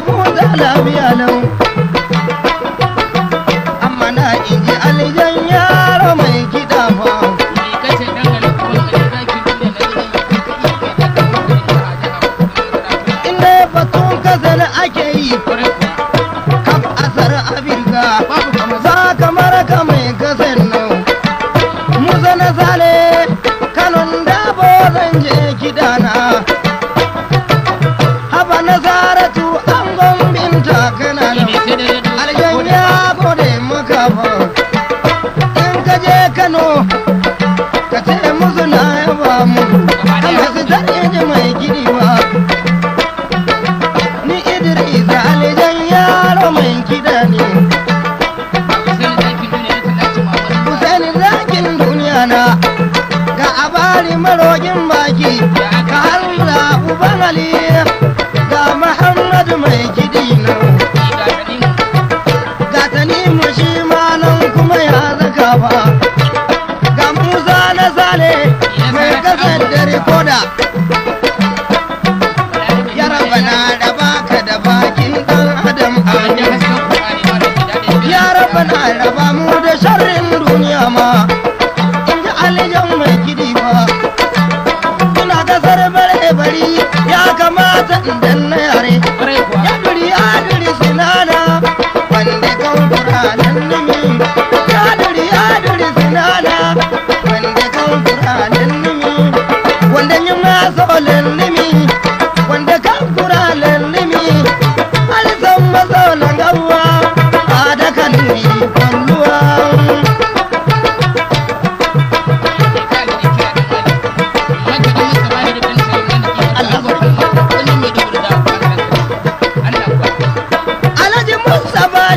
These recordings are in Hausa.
gobe lafiya lau alijan yaro mai kiɗa batun kazana ake yi bana raba mu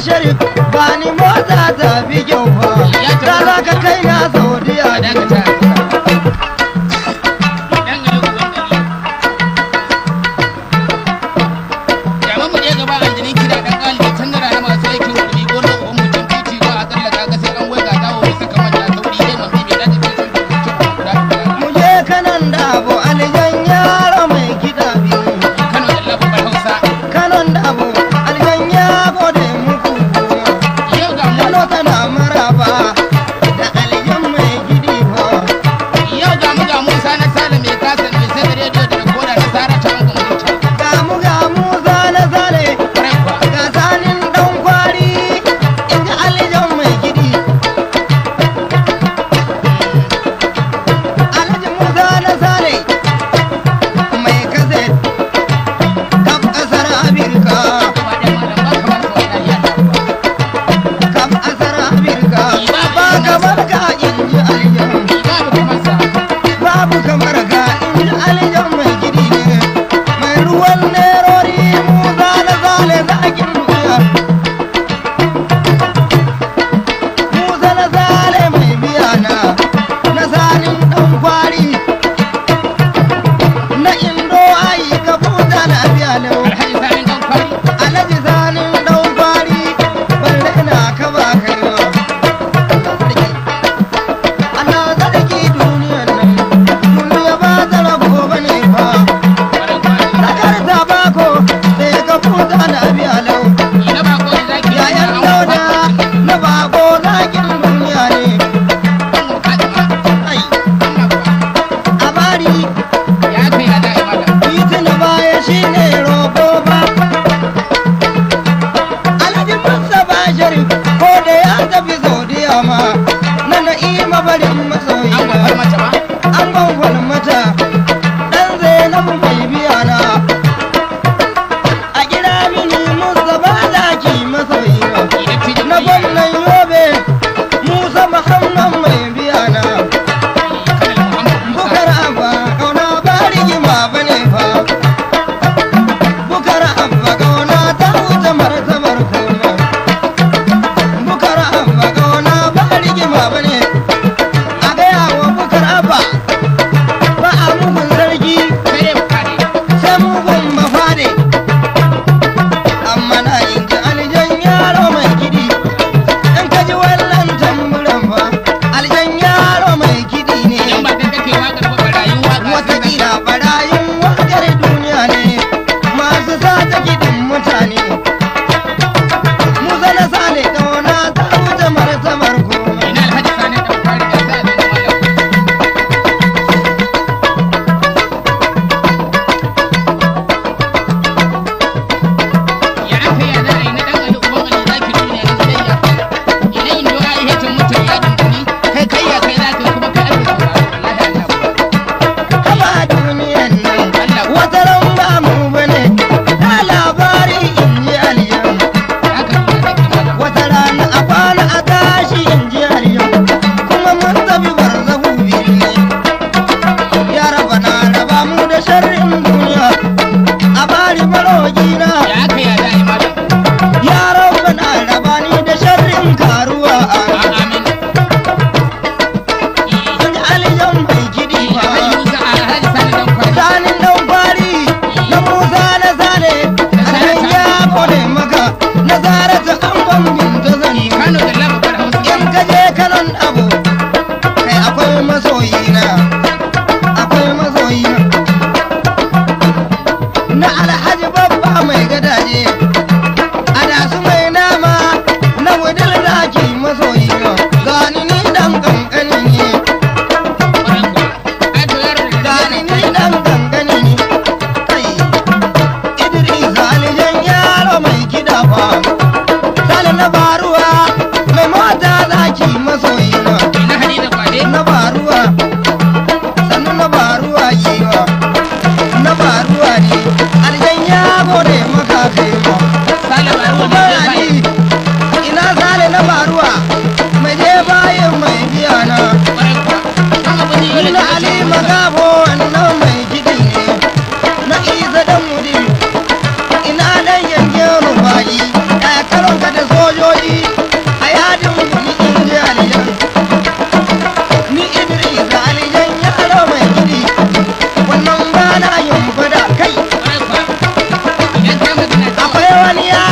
शरीफ गाणी मोजाचा विजय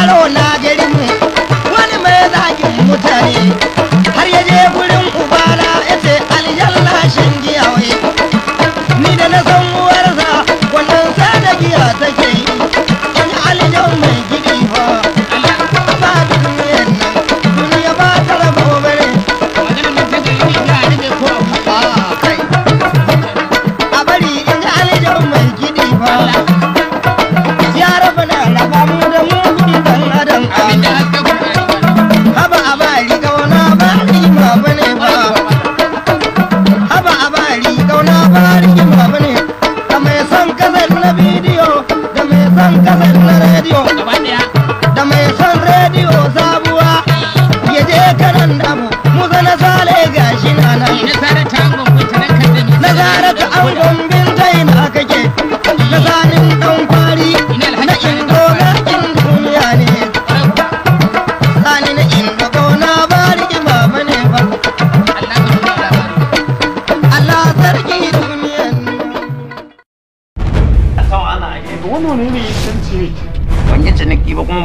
Corona.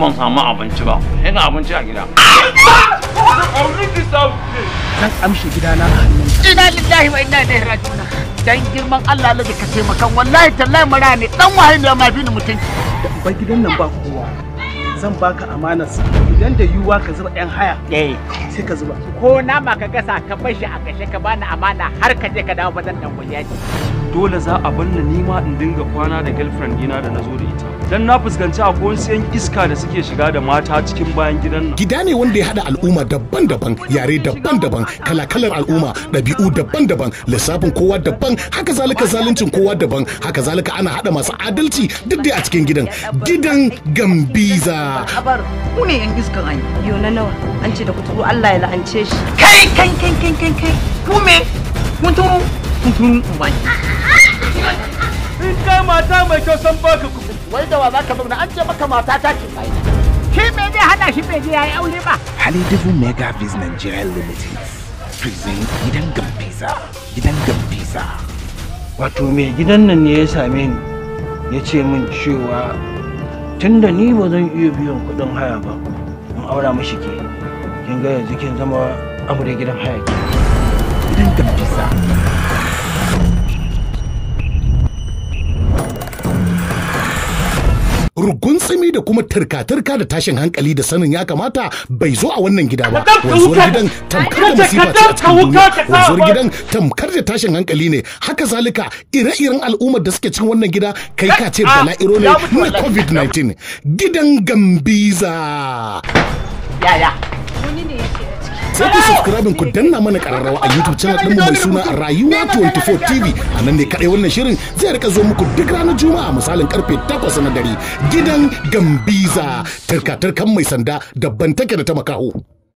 ban samu abinci ba ina abinci a gida zan amshi gidana ina lillahi wa ina ilaihi raji'un dan girman Allah lalle ka taimaka wallahi tallahi mara ne dan wahayi ne ma bini mutunci ba gidan nan ba kowa zan baka amana su idan da yiwuwa ka zuba yan haya eh sai ka zuba ko nama ka gasa ka bar shi a gashe ka bani amana har ka je ka dawo bazan dan gwaji dole za a banna nima in dinga kwana da girlfriend dina da na zo da ita dan na fuskanci akwai sayan iska da suke shiga da mata cikin bayan gidan nan gida ne wanda ya hada al'umma daban-daban yare daban-daban kalakalar al'umma ɗabi'u daban-daban lissafin kowa daban haka zalika zaluncin kowa daban haka zalika ana hada masu adalci duk dai a cikin gidan gidan gambiza abar ku ne yan iskan ai yo na nawa an ce da kuturu Allah ya la'ance shi kai kai kai kai kai ku me kuturu kutun uban in ka mata mai kyau san baka kuku wai da wa zaka zauna an ce maka mata ta ce kai shi me zai hada shi bai je yayi aure ba Halidubu Mega Biz Nigeria Limited present gidan gamfisa gidan gamfisa wato mai gidan nan ne ya same ni ya ce min cewa tun da ni ba zan iya biyan kuɗin haya ba in aura mashi ke kin ga yanzu kin zama amure gidan haya ke gidan gamfisa tsimi da kuma turka-turka da tashin hankali da sanin ya kamata bai zo a wannan gida ba wanzuwar gidan tamkar da musifa ce a cikin duniya wanzuwar gidan tamkar da tashin hankali ne haka zalika ire-iren al'ummar da suke cikin wannan gida kai ka ce ah, ah, bala'iro ne na covid-19 gidan gambiza sai ku subscribe ku danna mana kararrawa a YouTube channel ɗinmu mai suna Rayuwa 24 TV a nan ne kaɗai wannan shirin zai rika zo muku duk ranar Juma'a misalin karfe 8 na dare gidan Gambiza tarka-tarkan mai sanda dabban take da ta makaho.